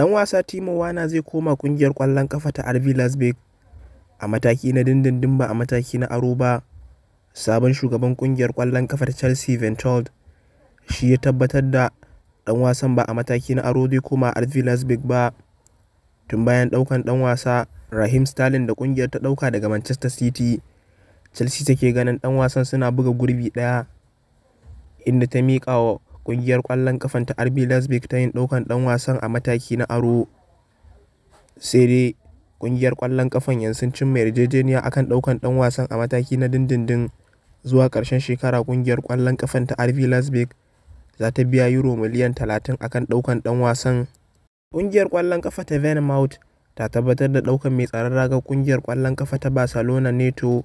dan wasa Timo wana zai koma kungiyar kwallon kafa ta rv Leipzig a mataki na dindindin ba a mataki na aro ba, sabon shugaban kungiyar kwallon kafa ta Chelsea ventold shi ya tabbatar da dan wasan ba a mataki na aro zai koma rv Leipzig ba tun bayan daukan dan wasa Raheem Sterling da kungiyar ta dauka daga Manchester City. Chelsea take ganin dan wasan suna buga gurbi daya inda ta miƙa wa kungiyar kwallon kafan ta RB Leipzig ta yin daukan dan wasan a mataki na aro, sai dai ƙungiyar kwallon kafan yanzu cin mai yarjejeniya akan daukan dan wasan a mataki na dindindin zuwa karshen shekara kungiyar kwallon kafan ta RB Leipzig za ta biya Euro miliyan 30 akan daukan dan wasan. kungiyar kwallon kafa ta Bournemouth ta tabbatar da ɗaukan mai tsaron raga kungiyar kwallon kafa ta Barcelona Neto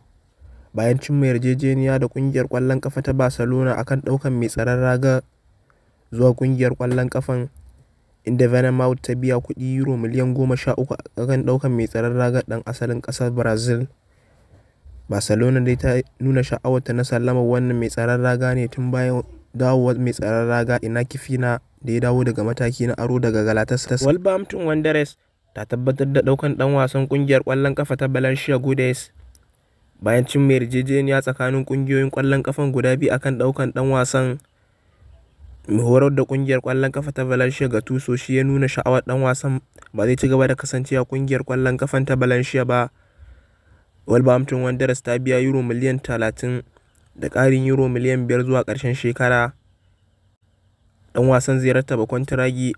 bayan mai yarjejeniya da kungiyar kwallon kafa ta Barcelona akan ɗaukan mai tsaron raga. zuwa kungiyar kwallon kafan inda Venermout ta biya kuɗi Euro miliyan goma sha uku a kan ɗaukan mai tsaron ragar ɗan asalin ƙasar Brazil. Barcelona dai ta nuna sha'awarta na sallama wannan mai tsaron raga ne tun bayan dawowar mai tsaron raga ina kifina da ya dawo daga mataki na aro daga Galatasaray. Wolverhampton Wanderers ta tabbatar da ɗaukan ɗan wasan ƙungiyar kwallon kafa ta Valencia Gudes bayan cin mai yarjejeniya tsakanin ƙungiyoyin kwallon kafan guda biyu akan ɗaukan ɗan wasan. Mai horar da kungiyar kwallon kafa ta Valencia tuso shi ya nuna sha'awar dan wasan ba zai ci gaba da kasancewa kungiyar kwallon kafan ta Valencia ba. Wolverhampton Wanderers ta biya Euro miliyan 30 da karin Euro miliyan 5 zuwa karshen shekara. dan wasan zai rattaba kwantiragi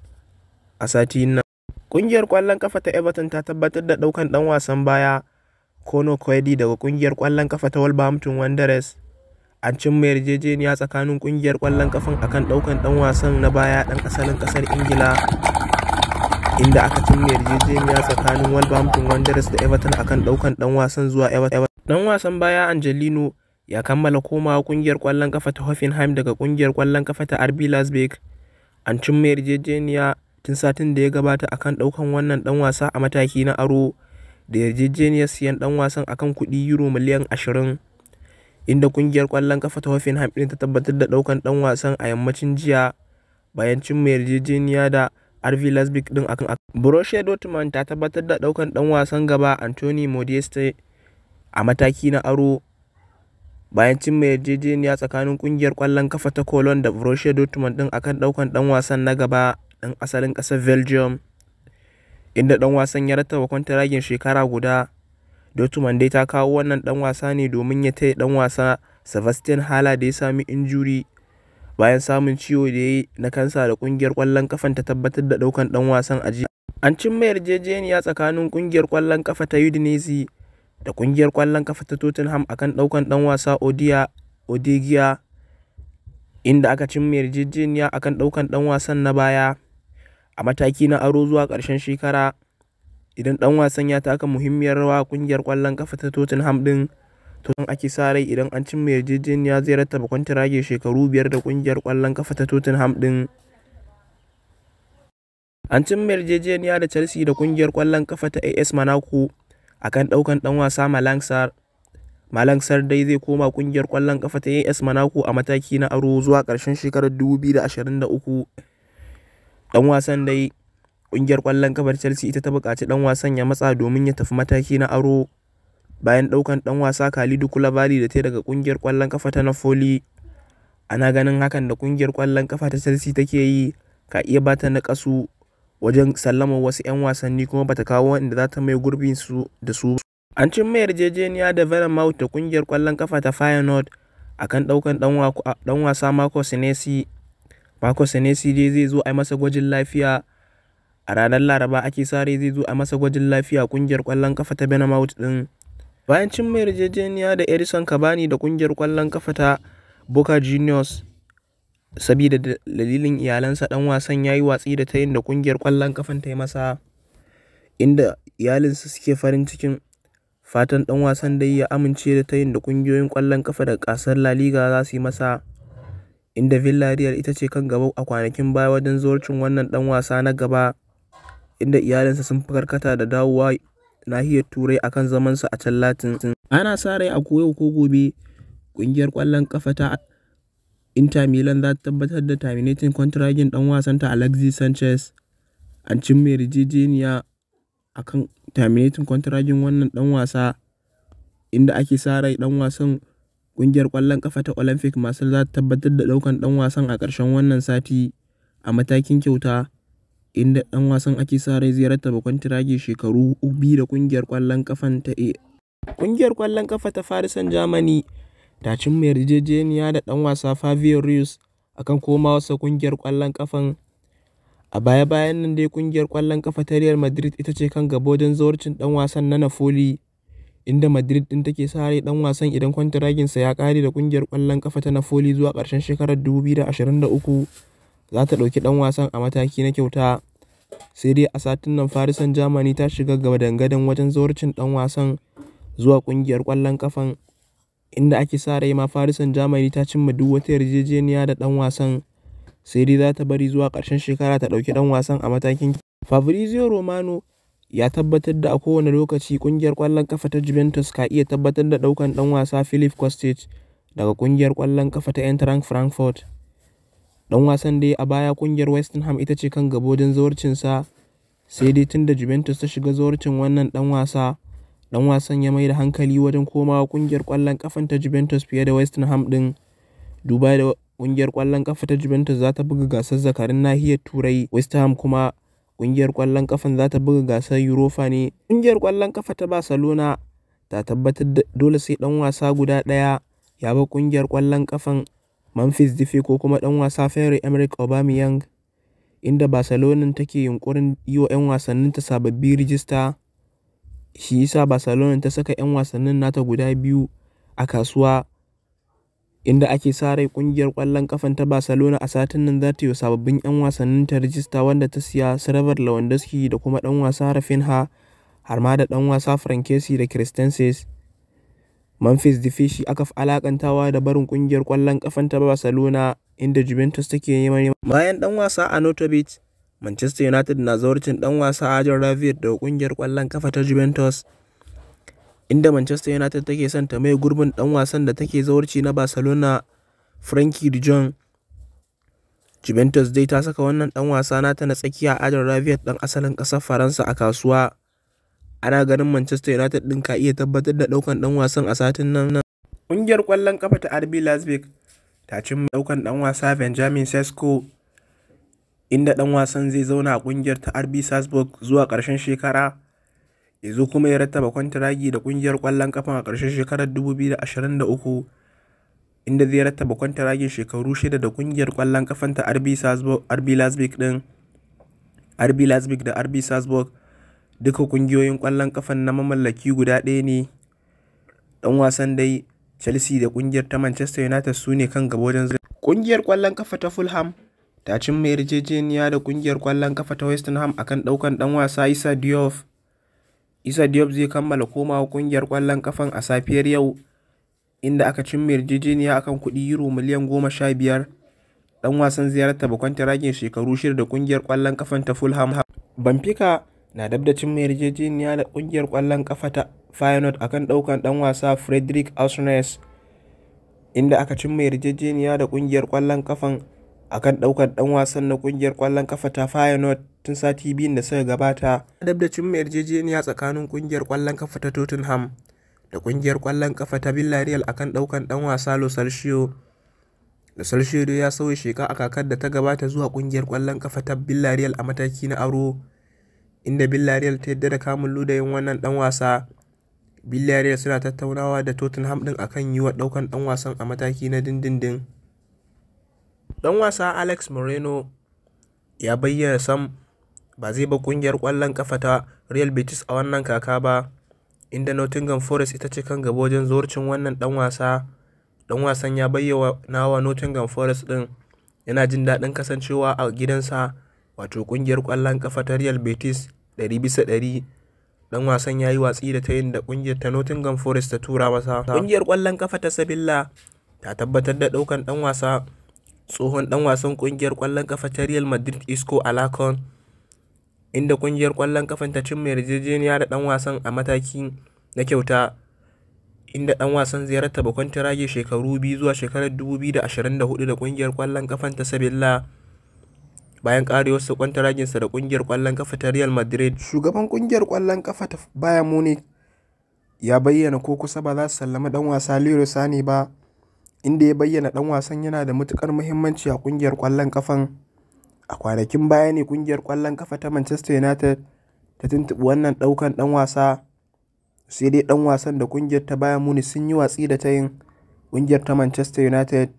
a sati nan. kungiyar kwallon kafa ta Everton ta tabbatar da ɗaukan dan wasan baya Kono kwedi daga kungiyar kwallon kafa ta Wolverhampton Wanderers. an cimma yarjejeniya tsakanin kungiyar kwallon kafan akan daukan dan wasan na baya dan asalin kasar ingila inda aka cimma yarjejeniya tsakanin Wolverhampton Wanderers da Everton akan daukan dan wasan zuwa Everton. dan wasan baya Angelino ya kammala komawa kungiyar kwallon kafa ta Hoffenheim daga kungiyar kwallon kafa ta RB lasbeck An cimma yarjejeniya tun satin da ya gabata akan daukan wannan dan wasa a mataki na aro da yarjejeniyar siyan dan wasan akan kudi euro miliyan 20. inda kungiyar kwallon kafa ta Hoffenheim ɗin ta tabbatar da ɗaukan ɗan wasan a yammacin jiya bayan cimma yarjejeniya da rv Leipzig ɗin akan Borussia Dortmund ta tabbatar da daukan ɗan wasan gaba Anthony Modeste a mataki na aro bayan cimma yarjejeniya tsakanin kungiyar kwallon kafa ta Cologne da Borussia Dortmund ɗin akan ɗaukan ɗan wasan na gaba ɗan asalin ƙasar Belgium inda ɗan wasan ya rattaba ragin shekara guda Dortmund dai ta kawo wannan dan wasa ne domin ya taya dan wasa Sebastian hala da ya sami injuri bayan samun ciwo da ya yi na kansa da kungiyar kwallon kafan ta tabbatar da daukan dan wasan a jiya. An cimma yarjejeniya tsakanin kungiyar kwallon kafa ta Udinese da kungiyar kwallon kafa ta Tottenham akan daukan dan wasa Odegia inda aka cimma yarjejeniya akan daukan dan wasan na baya a mataki na aro zuwa karshen shekara. Idan dan wasan ya taka muhimmiyar rawa a kwallon kafa kafa ta Tottenham din to hakan ake sa rai idan an cimma yarjejeniya zai rattaba kwantiragin shekaru biyar da kungiyar kwallon kafa ta Tottenham din. An cimma yarjejeniya da Chelsea da kungiyar kwallon kafa ta AS Monaco akan daukan dan wasa Malangsar Malangsar dai zai koma kungiyar kwallon kafa ta AS Monaco a mataki na aro zuwa karshen shekarar 2023. dan wasan dai Ƙungiyar kwallon kafar Chelsea ita ta buƙaci ɗan wasan ya matsa domin ya tafi mataki na aro bayan ɗaukan ɗan wasa Kalidu Koulibaly da ta daga kungiyar kwallon kafa ta Napoli. Ana ganin hakan da kungiyar kwallon kafa ta Chelsea take yi ka iya ba ta naƙasu wajen sallama wasu 'yan wasanni kuma bata kawo wanda za ta mai gurbin su da su. An cin mayar yarjejeniya da mount da kungiyar kwallon ƙafa ta Feyenoord akan ɗaukan ɗan wasa Marco Senesi. Marco Senesi dai zai zo a yi masa gwajin lafiya A ranar Laraba ake sare zai zo a masa gwajin lafiya kungiyar kwallon kafa ta Bournemouth din. Bayan cimma yarjejeniya da edison Cavani da kungiyar kwallon kafa ta Boca Juniors sabida dalilin iyalansa dan wasan ya yi watsi da yin da ƙungiyar ƙwallon kafan ta yi masa inda iyalinsa suke farin cikin fatan ɗan wasan dai ya amince da yin da ƙungiyoyin kwallon kafa da ƙasar La Liga za su yi masa inda Villarreal ita ce kan gaba a kwanakin baya wajen zuwarcin wannan ɗan wasa na gaba. inda iyalinsa sun fi karkata da dawowa nahiyar Turai akan zamansa a can Latin. Ana sa rai a koyo ko gobe kungiyar kwallon kafa ta Inter Milan za ta tabbatar da terminating contragin wasan wasanta Alexis Sanchez. An cin mai rijijiniya a kan terminating contragin wannan dan wasa inda ake sa rai dan wasan kungiyar kwallon kafa ta Olympic masu za ta tabbatar da ɗaukan dan wasan a karshen wannan sati a matakin kyauta. inda ɗan wasan ake sa rai ziyarta bakon kwantiragi shekaru ubi da ƙungiyar ƙwallon ƙafan ta A. Ƙungiyar ƙwallon ƙafa ta farisan jamani ta ta cimma yarjejeniya da ɗan wasa Fabio Ruiz a kan wasa kungiyar kwallon kafan A baya-bayan nan dai ƙungiyar ƙwallon kafa ta Real Madrid ita ce kan gaba wajen zawarcin ɗan wasan na Napoli. inda Madrid ɗin take sa rai ɗan wasan idan kwantiraginsa ya ƙare da kungiyar kwallon ƙafa ta Napoli zuwa ƙarshen shekarar 2023. za ta ɗauki ɗan wasan a mataki na kyauta. Sai dai a satin nan farisan jamani ta shiga gaba dangadan wajen zawarcin ɗan wasan zuwa ƙungiyar ƙwallon ƙafan, inda ake sa rai ma farisan jamani ta cimma duk wata yarjejeniya da ɗan wasan, sai dai za ta bari zuwa ƙarshen shekara ta ɗauki ɗan wasan a matakin Fabrizio Romano ya tabbatar da a kowane lokaci ƙungiyar ƙwallon kafa ta Juventus ka iya tabbatar da ɗaukan ɗan wasa philip Kostic daga ƙungiyar ƙwallon kafa ta Eintracht Frankfurt. dan wasan dai a baya kungiyar West Ham ita ce kan gaba zawarcin zawarcinsa, sai dai tun da Juventus ta shiga zawarcin wannan dan wasa, dan wasan ya mai da hankali wajen komawa kungiyar kwallon kafan ta Juventus fiye da West Ham ɗin, duba da kungiyar kwallon kafa ta Juventus za ta buga gasar zakarin nahiyar Turai, West Ham kuma kungiyar kwallon kafan za ta buga gasar Europa ne. kungiyar kwallon kafa ta Barcelona ta tabbatar da dole sai dan wasa guda daya ya ba kungiyar kwallon kafan Memphis dife ko kuma ɗan wasa Pierre-Emerick Aubameyang, inda barcelona take yunkurin yi wa 'yan wasannin ta sababbi rijista shi yasa sa ta saka 'yan wasannin nata guda biyu a kasuwa, inda ake sa rai ƙungiyar ƙwallon ƙafan ta Barcelona a satin nan za ta yi wa sababbin 'yan wasannin ta rijista wanda ta siya sarabar Lewandowski da kuma ɗan wasa rafinha har ma da ɗan wasa frankesi da Christensen. Memphis Depay shi aka fi alakantawa da barin kungiyar kwallon ƙafan ta Barcelona, inda Juventus take neman Bayan dan wasa a beach Manchester United na zawarcin dan wasa a Arjen Robben daga kungiyar kwallon kafa ta Juventus, inda Manchester United take son ta mai gurbin dan wasan da take zawarci na Barcelona, Frankie de Jong. Juventus dai ta saka wannan dan wasa nata na tsakiya Arjen ravier dan asalin ƙasar Faransa a kasuwa. Ana ganin Manchester United din ka iya tabbatar da ɗaukan ɗan wasan a satin nan. Ƙungiyar kwallon kafa ta RB Leipzig ta cin ɗaukan ɗan wasa Benjamin Sesko inda ɗan wasan zai zauna a ƙungiyar ta RB Salzburg zuwa ƙarshen shekara. Yanzu kuma ya rattaba kwantiragi da ƙungiyar ƙwallon ƙafa a ƙarshen shekarar 2023 inda zai rattaba kwantiragin shekaru shida da ƙungiyar ƙwallon kafanta ta RB Salzburg RB RB Leipzig da RB Salzburg Duka kungiyoyin ƙwallon kafan na mamallaki guda ɗaya ne, ɗan wasan dai Chelsea da ƙungiyar ta Manchester United su ne kan gaba wajen zira. Ƙungiyar ƙwallon kafa ta Fulham ta cimma yarjejeniya da ƙungiyar ƙwallon kafa ta West Ham akan ɗaukan ɗan wasa Issa Diop. isa Diop zai kammala komawa ƙungiyar ƙwallon kafan a safiyar yau inda aka cimma yarjejeniya akan kuɗi Euro miliyan goma sha biyar. Ɗan wasan ziyartar bakwan ragin shekaru shida da ƙungiyar ƙwallon kafan ta Fulham. Benfica na dab da cimma yarjejeniya da kungiyar kwallon kafa ta Feyenoord akan daukan dan wasa Frederick Ausnes inda aka cimma yarjejeniya da kungiyar kwallon kafan akan daukan dan wasan na kungiyar kwallon kafa ta Feyenoord tun sati biyu da suka gabata dab da cimma yarjejeniya tsakanin kungiyar kwallon kafa ta Tottenham da kungiyar kwallon kafa ta Villarreal akan daukan dan wasa Lo Celso da Solskjaer ya sauya sheka a kakar da ta gabata zuwa kungiyar kwallon kafa ta Villarreal a mataki na aro inda Villarreal ta yadda da kamun ludayin wannan dan wasa. Villarreal suna tattaunawa da Tottenham din akan yi wa daukan dan wasan a mataki na dindindin. dan wasa Alex Moreno ya bayyana sam ba zai ba kungiyar kwallon kafa ta Real Betis a wannan kaka ba, inda Nottingham Forest ita ce kan gaba wajen zorcin wannan dan wasa. dan wasan ya bayyana wa Nottingham Forest din yana jin daɗin kasancewa a gidansa wato kungiyar kwallon kafa ta Real Betis ɗari bisa ɗari dan wasan ya yi watsi da ta yin da kungiyar ta Nottingham Forest ta tura masa. Kungiyar kwallon kafa ta sabilla ta tabbatar da daukan dan wasa tsohon dan wasan kungiyar kwallon kafa ta Real Madrid Isco Alacon inda kungiyar kwallon kafan ta cimma yarjejeniya da dan wasan a mataki na kyauta inda dan wasan ziyarta bakon rage shekaru biyu zuwa shekarar 2024 da kungiyar kwallon kafan ta sabilla bayan kwanta kwantaraginsa da kungiyar kwallon kafa ta Real Madrid. Shugaban kungiyar kwallon kafa ta Bayern Munich ya bayyana ko kusa ba za su sallama dan wasa Leroy Sane ba inda ya bayyana dan wasan yana da matukar muhimmanci a kungiyar kwallon kafan. A kwanakin baya ne kungiyar kwallon kafa ta Manchester United ta tuntubi wannan ɗaukan dan wasa sai dai dan wasan da kungiyar ta Bayern Munich sun yi watsi da ta yin kungiyar ta Manchester United.